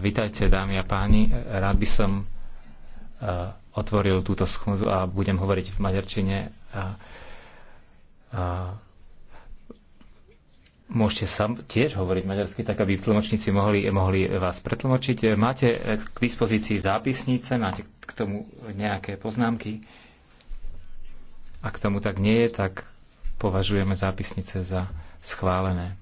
Vítajte, dámy a páni. Rád by som otvoril túto schôdzu a budem hovoriť v maďarčine. A, a, môžete sam tiež hovoriť maďarsky, tak aby tlmočníci mohli, mohli vás pretlmočiť. Máte k dispozícii zápisnice, máte k tomu nejaké poznámky? Ak tomu tak nie je, tak považujeme zápisnice za schválené.